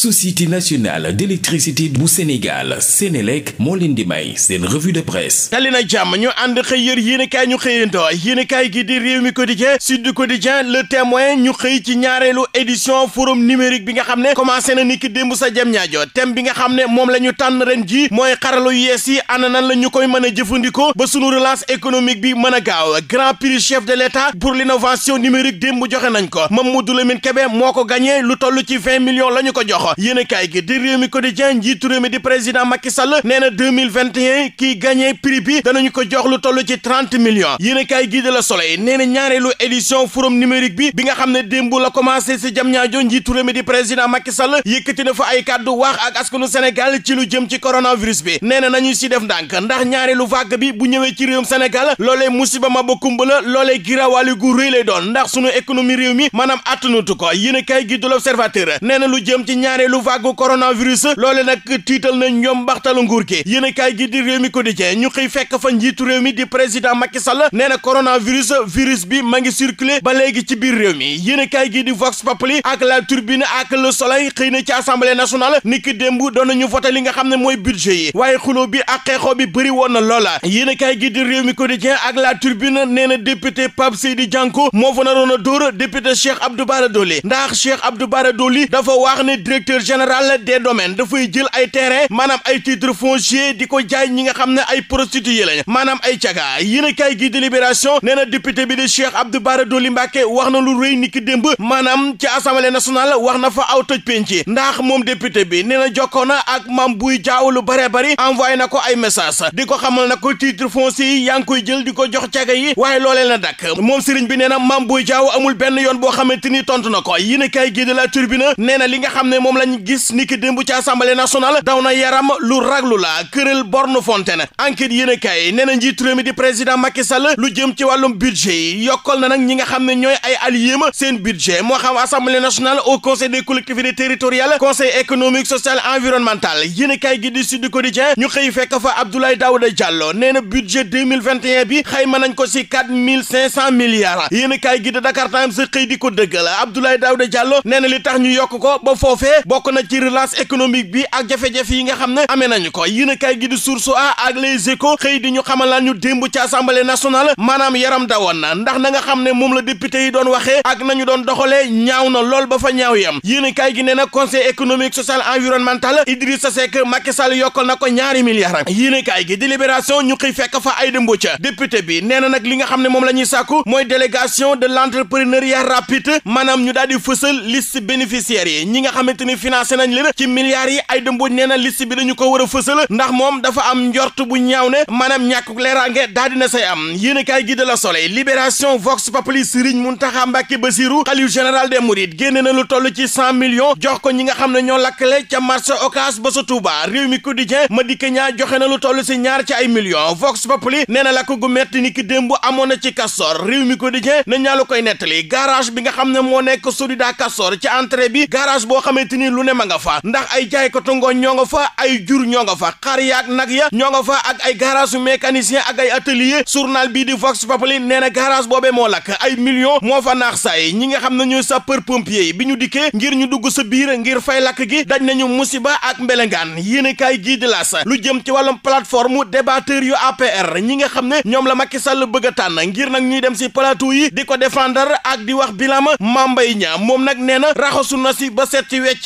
société nationale d'électricité bu Sénégal Sénélec moo leen di may seen revue de presse tali na jàmm ñu ànd xëy yër yéenekaay ñu xëyantoo yéenekaay gi di réew mi quotidien Sud Quotidien Le Témoin ñu xëy ci ñaareelu édition forum numérique bi nga xam ne commencé na nikk démb sa jëm ñaajo thème bi nga xam ne moom la ñu tànn ren ji mooy xaralu yees yi ana nan la ñu koy mën a jëfandikoo ba sunu relance économique bi mën a gaaw grand prix chef de l'État pour l'innovation numérique démb joxe nañ ko Mamadou Lamine Kébé moo ko gagné lu toll ci 20 millions la ñu ko jox loxo yéen kaay gi di réew mi quotidien njiitu réew mi di président Macky Sall nee na 2021 kii gagné prix bi danañu ko jox lu toll ci 30 millions yéen kaay gi de la Soleil nee na ñaareelu édition forum numérique bi bi nga xam ne démb la commencé si Diamniadio njiitu réew mi di président Macky Sall yëkkati na fa ay kàddu wax ak askanu Sénégal ci lu jëm ci coronavirus bi nee na nañu si def ndànk ndax ñaareelu vague bi bu ñëwee ci réewum Sénégal loolee musiba ma ba kumba la loolee giraawaali gu lay doon ndax sunu économie réew mi maanaam attanutu ko yéen kaay gi de l'Observateur nee na lu jëm ci ñaareelu vague coronavirus loole nag tiital na ñoom baxtalu nguur gi yéen a kaay gi di réew mi quotidien ñu xëy fekk fa njiitu réew mi di président Macky Sall nee na coronavirus virus bi ma ngi circuler ba léegi ci biir réew mi yéen a kaay gi di Vox Populi ak la Tribune ak le xëy na ci assemblée nationale niki démb doon nañu voté li nga xam ne mooy budget yi waaye xuloo bi ak xeexoo bi bëri woon na loola yéen a gi di réew mi quotidien ak la Tribune nee na député Pape Seydi Dianko moo fa naroon a dóor député Cheikh Abdou Bara Dolly ndax Cheikh Abdou Bara Dolly dafa wax ne direct directeur général des domaines dafay jël ay terrain maanaam ay titre foncier di ko jaay ñi nga xam ne ay prostituée lañ maanaam ay caga yéen a kaay gi délibération nee na député bi di Cheikh Abdou Bara Dolly Mbacké wax na lu rëy ni ki démb maanaam ci assemblée nationale wax na fa aw toj penc ndax moom député bi nee na jokkoo na ak mam buy jaaw lu bare bari envoyé na ko ay message di ko xamal na ko titre foncier yi yaa ngi koy jël di ko jox caga yi waaye loolee na dakk moom sëriñ bi nee na mam buy jaaw yoon boo xamante ni tontu a lañ gis ni ki démb ci assemblée nationale daw na yaram lu rag raglu la këral borne fontaine enquête yéen a kaay nee na njiitu réew mi di président Macky Sall lu jëm ci wàllum budget yi yokkal na nag ñi nga xam ne ñooy ay alliéem seen budget moo xam assemblée nationale au conseil des collectivités territoriales conseil économique social environnemental yéen a kaay gi di Sud Quotidien ñu xëy fekk fa Abdoulaye Daouda Diallo nee na budget 2021 bi xayma nañ ko si 4500 milliards yéen a kaay gi di Dakar Times xëy di ko dëggal Abdoulaye Daouda Diallo nee na li tax ñu yokk ko ba foofee bokk na ci relance économique bi ak jafe-jafe yi nga xam ne amee nañu ko yéen a gi di Source A ak Les Échos xëy di ñu xamal laan ñu démb ci assemblée nationale maanaam yaram dawoon na ndax na nga xam ne moom la député yi doon waxee ak na ñu doon doxalee ñaaw na lool ba fa ñaaw yam yéen a gi nee na conseil économique social environnemental Idrissa Seck Macky Sall yokkal na ko ñaari milliards yéen a kaay gi di Libération ñu xëy fekk fa ay dëmbo ca député bi nee na nag li nga xam ne moom la ñuy sàkku mooy délégation de l'entrepreneuriat rapide maanaam ñu daal di fësal liste bénéficiaires yi ñi nga xamante ni financé nañ leen ci milliards yi ay dëmbooj nee na liste bi dañu ko war a fësal ndax moom dafa am njort bu ñaaw ne maanaam ñàkku leeraange daal dina say am yéen kaay gi de la Vox Populi Serigne Mountakha Mbacké Bassirou xalifa général des mourides génne na lu toll ci cent millions jox ko ñi nga xam ne ñoo lakkale ca marché Ocass ba sa Touba réew mi quotidien Madické Niang joxe na lu toll si ñaar ci ay millions Vox Populi nee na lakk gu metti ni ki bi nga xam ne moo nekk Solida Castor ci entrée ni lu ne ma nga fa ndax ay jaaykatu ngooñ ñoo nga fa ay jur ñoo nga fa xar yaak nag ya ñoo nga fa ak ay garage yu mécanicien ak ay atelier journal bii di Vox Populi nee na garage boobee moo lakk ay millions moo fa naax saay ñi nga xam ne ñooy sapeur pompier yi bi ñu dikkee ngir ñu dugg sa biir ngir fay lakk gi daj nañu musiba ak mbelengaan yéene kaay gii di laas lu jëm ci wàllum plateforme débatteur yu APR ñi nga xam ne ñoom la Macky Sall bëgg a tànn ngi nag ñuy dem si plateau yi di ko défendre ak di wax bilama Mambay ña moom nag nee na raxasu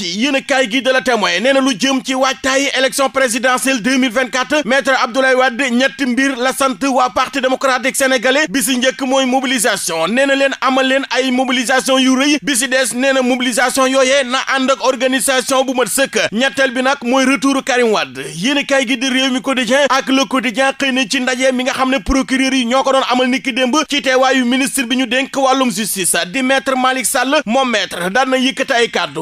si yéen a kaay gi de la témoin nee na lu jëm ci waajtaayi élection présidentielle 2024 maître waa Wade ñetti mbir la sant waa parti démocratique sénégalais bi si njëkk mooy mobilisation nee na leen amal leen ay mobilisation yu rëy bi si des nee na mobilisation yooyee na ànd ak organisation bu mat sëkk ñetteel bi nag mooy retour Karim Wade yéen a kaay gi di réew mi quotidien ak le ci ndaje mi nga xam ne procureur yi ñoo ko doon amal niki démb ci teewaayu ministre bi ñu dénk wàllum justice di maître Malick Sall moom maître daan na yëkkati ay kàddu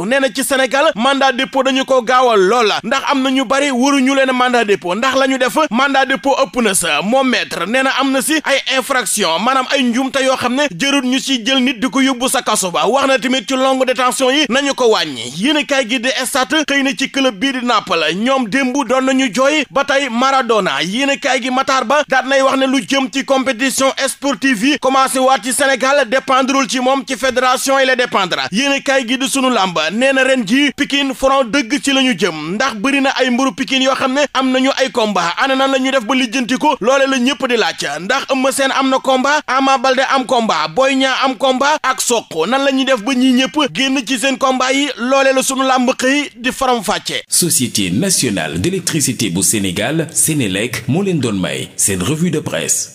Sénégal mandat dépôt dañu ko gaawal loola ndax am na ñu bari waruñu leen mandat dépôt ndax la ñu def mandat dépôt ëpp na sa moom maître nee na am na si ay infraction maanaam ay njuumte yoo xam ne jërut ñu si jël nit di ko yóbbu sa kaso ba wax na tamit ci longue détention yi nañu ko wàññi yéen kay gi di stade xëy na ci club bii di Naples ñoom bu doon na ñu jooy ba tey Maradona yéen kay gi Matar Ba daat nay wax ne lu jëm ci compétition sportive yi commencé waat ci Sénégal dépendrul ci moom ci fédération yi la dépendre yéen kay gi di sunu làmb yi Pikine dëgg ci la ñu jëm ndax bëri na ay mburu Pikine yoo xam ne am nañu ay combat ana na la ñu def ba lijjanti ko loole la ñëpp di laaj ndax Eumeu Sène am na combat Ama Baldé am combat Boy Niang am combat ak Sokh nan la ñuy def ba ñi ñëpp génn ci seen combat yi loole la sunu làmb xëy di faram fàcce Société nationale d'électricité bu Sénégal Sénélec moo leen doon may seen revue de presse